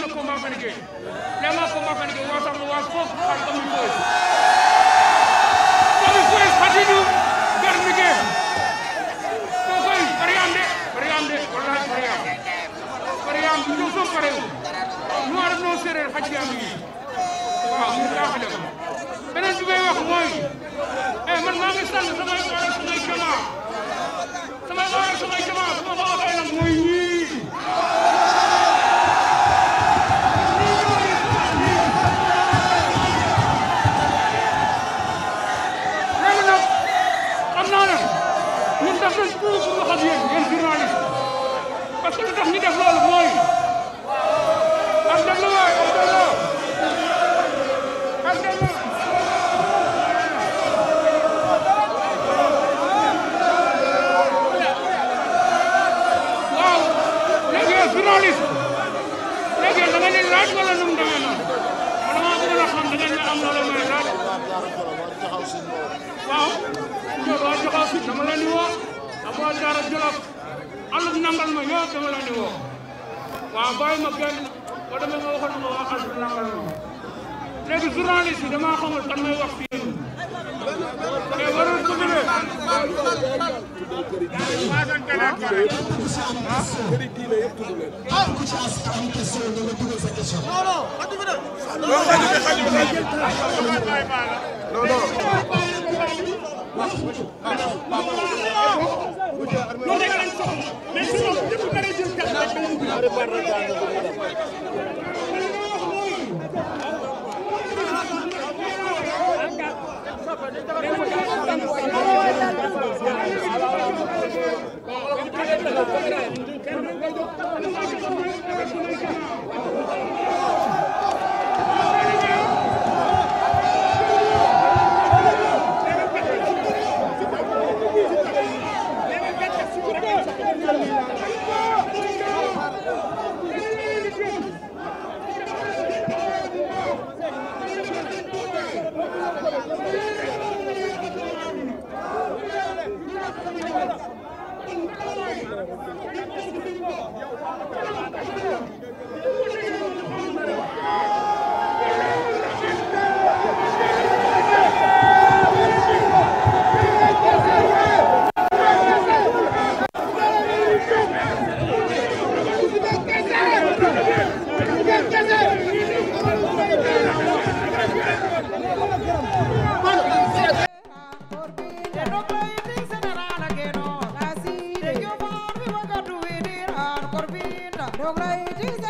le combat manqué vraiment combat manqué wasamno was foof an ɗomi foes ɗomi foes hadiɗu garmike to koy pariyam de pariyam de wallahi pariyam pariyam ɗo fof pare nu arno séréer hajjiyamii waaw mi ka xaƴa beneen bi may wax mooy xam naa leen ñun def nañ tout pour wax ak yéen yéen journaliste parce que lu tax ñu def loolu mooy Abdallah waay Abdallah Abdallah waaw léegi yow journaliste léegi yow da nga leen laaj wala nu mu demee noonu man maa bëgg la xam da ngeen ne am na loo may laaj waaw dama leen di woo ak waa Daara Jolof àllub nangal ma yow dama leen di woo waaw bàyyi ma kenn ba demee ma waxoon ma waa àllub nangal ma léegi journaliste yi damaa xamul kan may wax fii te warul ko bëggee. Ah, non non. loolu rek lañ soxla mais si loolu ñëpp dara jël jàpp ที่ระดกไรที่เ